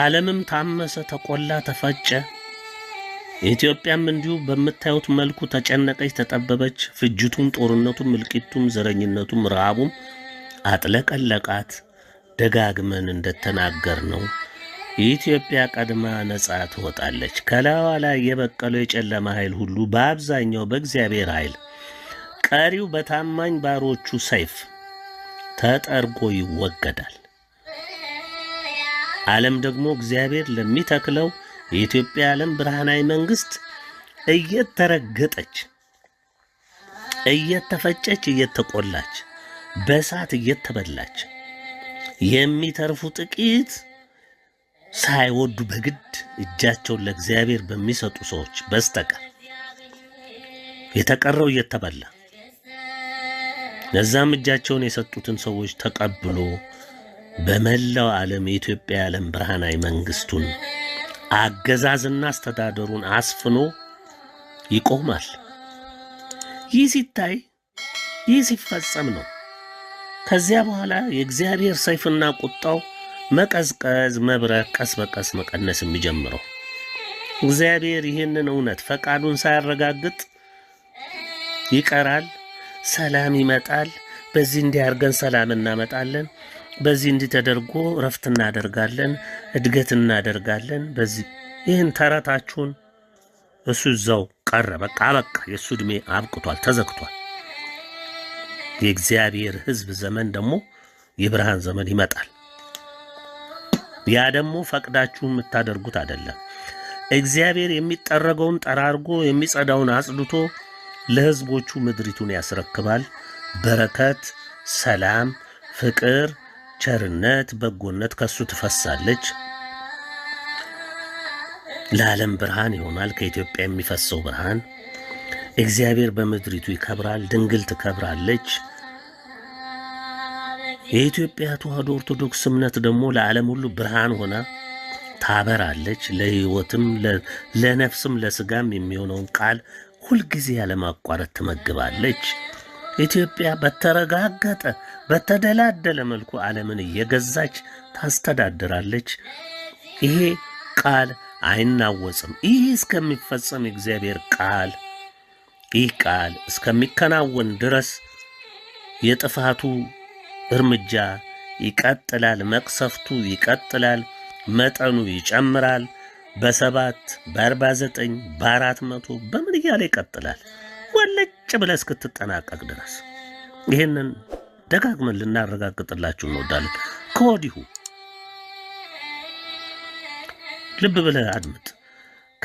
ዓለምም ታመሰ፣ ተቆላ፣ ተፈጨ። ኢትዮጵያም እንዲሁ በምታዩት መልኩ ተጨነቀች፣ ተጠበበች። ፍጅቱም፣ ጦርነቱም፣ እልቂቱም፣ ዘረኝነቱም፣ ረሃቡም አጥለቀለቃት። ደጋግመን እንደተናገር ነው የኢትዮጵያ ቀድማ ነጻ ትወጣለች። ከላዋ ላይ የበቀለው የጨለማ ኃይል ሁሉ በአብዛኛው በእግዚአብሔር ኃይል፣ ቀሪው በታማኝ ባሮቹ ሰይፍ ተጠርጎ ይወገዳል። ዓለም ደግሞ እግዚአብሔር ለሚተክለው የኢትዮጵያ ዓለም ብርሃናዊ መንግስት እየተረገጠች እየተፈጨች እየተቆላች በእሳት እየተበላች የሚተርፉ ጥቂት ሳይወዱ በግድ እጃቸውን ለእግዚአብሔር በሚሰጡ ሰዎች በስተቀር የተቀረው እየተበላ ለዛም እጃቸውን የሰጡትን ሰዎች ተቀብሎ በመላው ዓለም የኢትዮጵያ የዓለም ብርሃናዊ መንግስቱን አገዛዝና አስተዳደሩን አስፍኖ ይቆማል። ይህ ሲታይ ይህ ሲፈጸም ነው። ከዚያ በኋላ የእግዚአብሔር ሰይፍና ቁጣው መቀዝቀዝ፣ መብረር፣ ቀስ በቀስ መቀነስ የሚጀምረው እግዚአብሔር ይህንን እውነት ፈቃዱን ሳያረጋግጥ ይቀራል። ሰላም ይመጣል። በዚህ እንዲያርገን ሰላም እናመጣለን በዚህ እንዲህ ተደርጎ እረፍት እናደርጋለን፣ እድገት እናደርጋለን። በዚህ ይህን ተረታችሁን እሱ እዛው ቀረ። በቃ በቃ የእሱ ዕድሜ አብቅቷል፣ ተዘግቷል። የእግዚአብሔር ሕዝብ ዘመን ደግሞ የብርሃን ዘመን ይመጣል። ያ ደግሞ ፈቅዳችሁ የምታደርጉት አይደለም። እግዚአብሔር የሚጠረገውን ጠራርጎ የሚጸዳውን አጽድቶ ለሕዝቦቹ ምድሪቱን ያስረክባል። በረከት፣ ሰላም፣ ፍቅር ቸርነት፣ በጎነት ከሱ ትፈሳለች። ለዓለም ብርሃን ይሆናል። ከኢትዮጵያ የሚፈሰው ብርሃን እግዚአብሔር በምድሪቱ ይከብራል። ድንግል ትከብራለች። የኢትዮጵያ ተዋህዶ ኦርቶዶክስ እምነት ደግሞ ለዓለም ሁሉ ብርሃን ሆና ታበራለች። ለሕይወትም ለነፍስም ለስጋም የሚሆነውን ቃል ሁልጊዜ ያለማቋረጥ ትመግባለች። ኢትዮጵያ በተረጋገጠ በተደላደለ መልኩ ዓለምን እየገዛች ታስተዳድራለች። ይሄ ቃል አይናወጽም። ይህ እስከሚፈጸም የእግዚአብሔር ቃል ይህ ቃል እስከሚከናወን ድረስ የጥፋቱ እርምጃ ይቀጥላል። መቅሰፍቱ ይቀጥላል። መጠኑ ይጨምራል። በሰባት በአርባ ዘጠኝ በአራት መቶ በምን እያለ ይቀጥላል። ወለ ብለህ እስክትጠናቀቅ ድረስ ይህንን ደጋግመን ልናረጋግጥላችሁ እንወዳለን። ከወዲሁ ልብ ብለህ አድምጥ።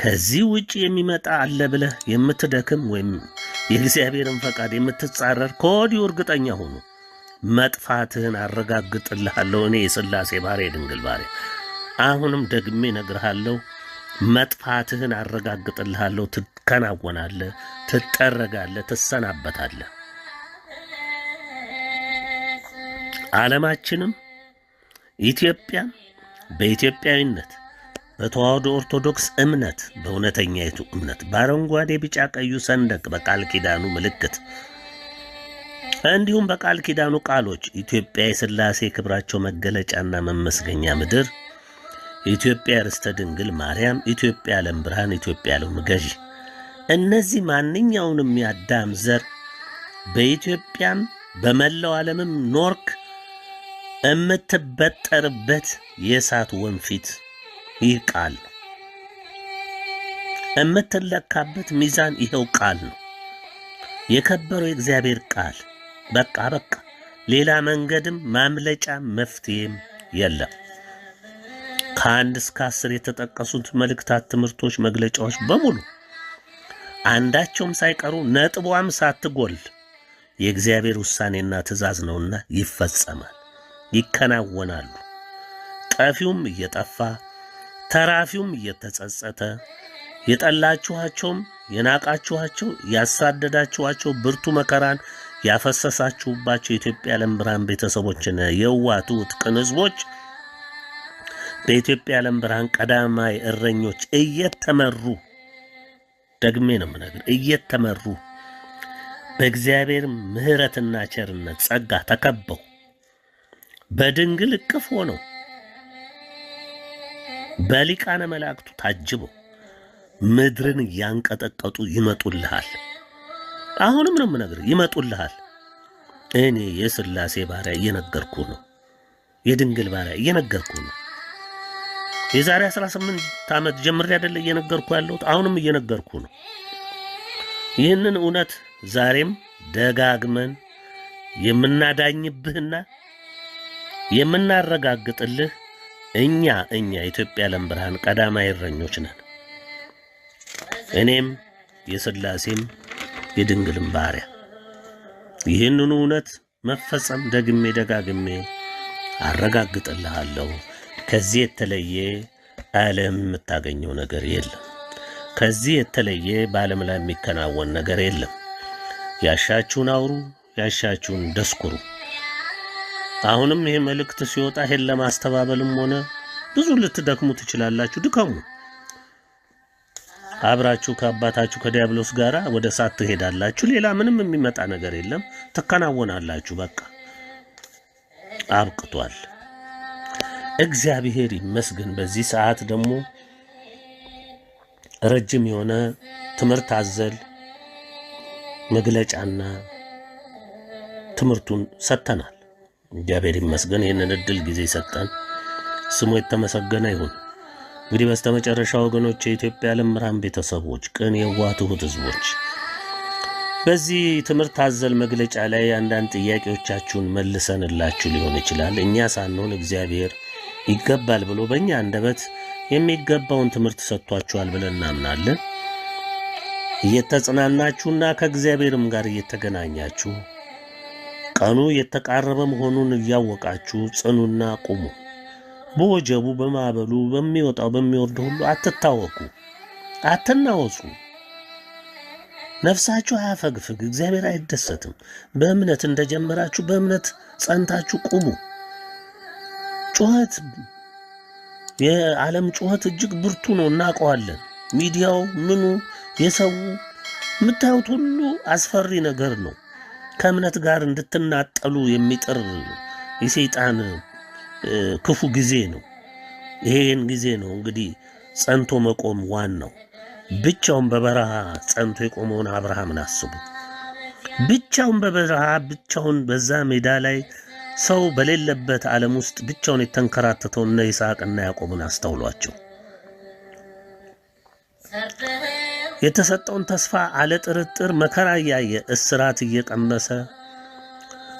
ከዚህ ውጭ የሚመጣ አለ ብለህ የምትደክም ወይም የእግዚአብሔርን ፈቃድ የምትጻረር ከወዲሁ እርግጠኛ ሆኑ። መጥፋትህን አረጋግጥልሃለሁ። እኔ የሥላሴ ባሪያ የድንግል ባሪያ፣ አሁንም ደግሜ ነግርሃለሁ፣ መጥፋትህን አረጋግጥልሃለሁ። ትከናወናለህ፣ ትጠረጋለህ፣ ትሰናበታለህ። ዓለማችንም ኢትዮጵያም በኢትዮጵያዊነት በተዋህዶ ኦርቶዶክስ እምነት በእውነተኛይቱ እምነት በአረንጓዴ ቢጫ ቀዩ ሰንደቅ በቃል ኪዳኑ ምልክት እንዲሁም በቃል ኪዳኑ ቃሎች ኢትዮጵያ የሥላሴ ክብራቸው መገለጫና መመስገኛ ምድር፣ ኢትዮጵያ ርስተ ድንግል ማርያም፣ ኢትዮጵያ ዓለም ብርሃን፣ ኢትዮጵያ ዓለም ገዢ እነዚህ ማንኛውንም የአዳም ዘር በኢትዮጵያም በመላው ዓለምም ኖርክ እምትበጠርበት የእሳት ወንፊት ይህ ቃል ነው። እምትለካበት ሚዛን ይኸው ቃል ነው። የከበረው የእግዚአብሔር ቃል በቃ በቃ፣ ሌላ መንገድም ማምለጫ መፍትሄም የለም። ከአንድ እስከ አስር የተጠቀሱት መልእክታት፣ ትምህርቶች፣ መግለጫዎች በሙሉ አንዳቸውም ሳይቀሩ ነጥቧም ሳትጎል የእግዚአብሔር ውሳኔና ትእዛዝ ነውና ይፈጸማል፣ ይከናወናሉ። ጠፊውም እየጠፋ ተራፊውም እየተጸጸተ የጠላችኋቸውም የናቃችኋቸው ያሳደዳችኋቸው ብርቱ መከራን ያፈሰሳችሁባቸው የኢትዮጵያ ለምብርሃን ቤተሰቦችን የዋቱት ቅን ሕዝቦች በኢትዮጵያ ለምብርሃን ቀዳማይ እረኞች እየተመሩ ደግሜ ነው ምነግር እየተመሩ በእግዚአብሔር ምሕረትና ቸርነት ጸጋ ተከበው በድንግል እቅፍ ሆነው በሊቃነ መላእክቱ ታጅበው ምድርን እያንቀጠቀጡ ይመጡልሃል። አሁንም ነው ምነግር ይመጡልሃል። እኔ የሥላሴ ባሪያ እየነገርኩ ነው፣ የድንግል ባሪያ እየነገርኩ ነው። የዛሬ 18 ዓመት ጀምሬ አይደለ እየነገርኩ ያለሁት አሁንም እየነገርኩ ነው። ይህንን እውነት ዛሬም ደጋግመን የምናዳኝብህና የምናረጋግጥልህ እኛ እኛ ኢትዮጵያ ለም ብርሃን ቀዳማዊ እረኞች ነን። እኔም የስላሴም የድንግልም ባሪያ ይህንን እውነት መፈጸም ደግሜ ደጋግሜ አረጋግጥልሃለሁ። ከዚህ የተለየ ዓለም የምታገኘው ነገር የለም። ከዚህ የተለየ በዓለም ላይ የሚከናወን ነገር የለም። ያሻችሁን አውሩ፣ ያሻችሁን ደስኩሩ። አሁንም ይሄ መልእክት ሲወጣ ይሄን ለማስተባበልም ሆነ ብዙ ልትደክሙ ትችላላችሁ። ድከሙ። አብራችሁ ከአባታችሁ ከዲያብሎስ ጋር ወደ እሳት ትሄዳላችሁ። ሌላ ምንም የሚመጣ ነገር የለም። ትከናወናላችሁ። በቃ አብቅቷል። እግዚአብሔር ይመስገን። በዚህ ሰዓት ደግሞ ረጅም የሆነ ትምህርት አዘል መግለጫና ትምህርቱን ሰጥተናል። እግዚአብሔር ይመስገን ይህንን እድል ጊዜ ሰጠን። ስሙ የተመሰገነ ይሁን። እንግዲህ በስተመጨረሻ ወገኖች፣ የኢትዮጵያ ልምራን ቤተሰቦች፣ ቅን የዋህ ትሁት ህዝቦች በዚህ ትምህርት አዘል መግለጫ ላይ አንዳንድ ጥያቄዎቻችሁን መልሰንላችሁ ሊሆን ይችላል። እኛ ሳንሆን እግዚአብሔር ይገባል ብሎ በእኛ አንደበት የሚገባውን ትምህርት ሰጥቷችኋል ብለን እናምናለን። እየተጽናናችሁና ከእግዚአብሔርም ጋር እየተገናኛችሁ ቀኑ የተቃረበ መሆኑን እያወቃችሁ ጽኑና ቁሙ። በወጀቡ በማዕበሉ በሚወጣው በሚወርድ ሁሉ አትታወቁ፣ አትናወጹ። ነፍሳችሁ አያፈግፍግ፣ እግዚአብሔር አይደሰትም። በእምነት እንደጀመራችሁ በእምነት ጸንታችሁ ቁሙ። ጩኸት የዓለም ጩኸት እጅግ ብርቱ ነው፣ እናውቀዋለን። ሚዲያው ምኑ የሰው የምታዩት ሁሉ አስፈሪ ነገር ነው። ከእምነት ጋር እንድትናጠሉ የሚጥር የሰይጣን ክፉ ጊዜ ነው። ይሄን ጊዜ ነው እንግዲህ ጸንቶ መቆም ዋናው። ብቻውን በበረሃ ጸንቶ የቆመውን አብርሃምን አስቡ። ብቻውን በበረሃ ብቻውን በዛ ሜዳ ላይ ሰው በሌለበት ዓለም ውስጥ ብቻውን የተንከራተተው እነ ይስሐቅና ያዕቆብን አስተውሏቸው። የተሰጠውን ተስፋ አለ ጥርጥር መከራ እያየ እስራት እየቀመሰ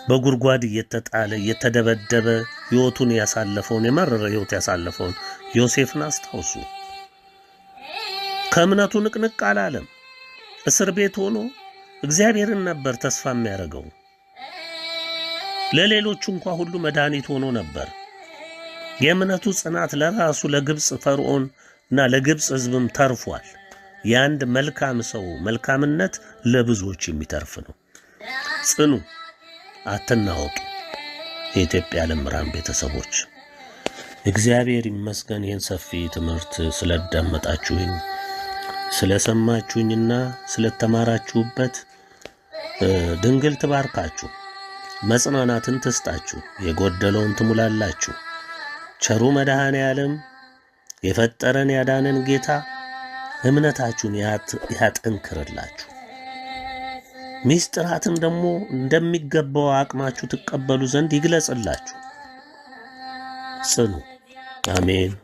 በጉድጓድ እየተጣለ እየተደበደበ ሕይወቱን ያሳለፈውን የመረረ ሕይወት ያሳለፈውን ዮሴፍን አስታውሱ። ከእምነቱ ንቅንቅ አላለም። እስር ቤት ሆኖ እግዚአብሔርን ነበር ተስፋ የሚያደርገው። ለሌሎቹ እንኳ ሁሉ መድኃኒት ሆኖ ነበር። የእምነቱ ጽናት ለራሱ ለግብፅ ፈርዖን እና ለግብፅ ሕዝብም ተርፏል። የአንድ መልካም ሰው መልካምነት ለብዙዎች የሚተርፍ ነው። ጽኑ፣ አትናወጡ። የኢትዮጵያ መምህራን ቤተሰቦች እግዚአብሔር ይመስገን ይህን ሰፊ ትምህርት ስለዳመጣችሁኝ ስለሰማችሁኝና ስለተማራችሁበት ድንግል ትባርካችሁ። መጽናናትን ትስጣችሁ፣ የጎደለውን ትሙላላችሁ። ቸሩ መድኃኔ ዓለም የፈጠረን ያዳነን ጌታ እምነታችሁን ያጠንክርላችሁ፣ ሚስጥራትን ደግሞ እንደሚገባው አቅማችሁ ትቀበሉ ዘንድ ይግለጽላችሁ። ጽኑ። አሜን።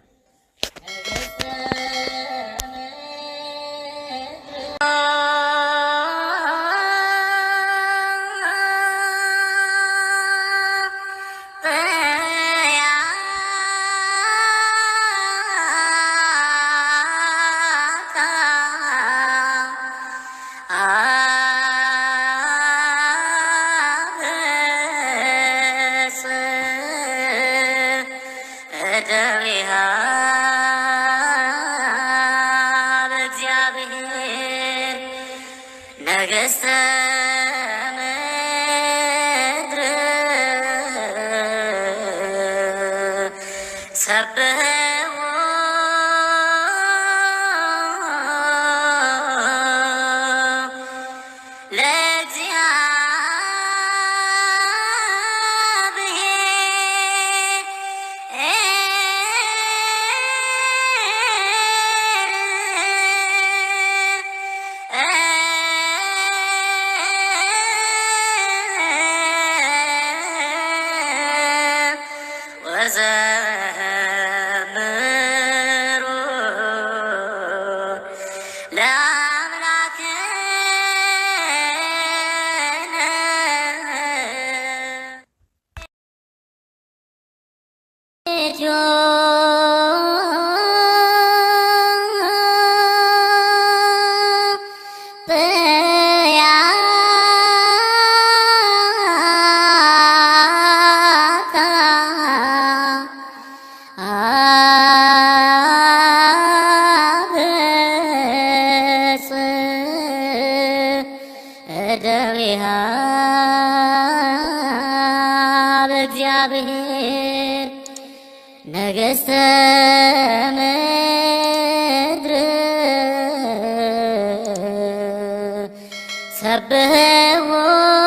ነገስተ ምድር ሰብህ سبح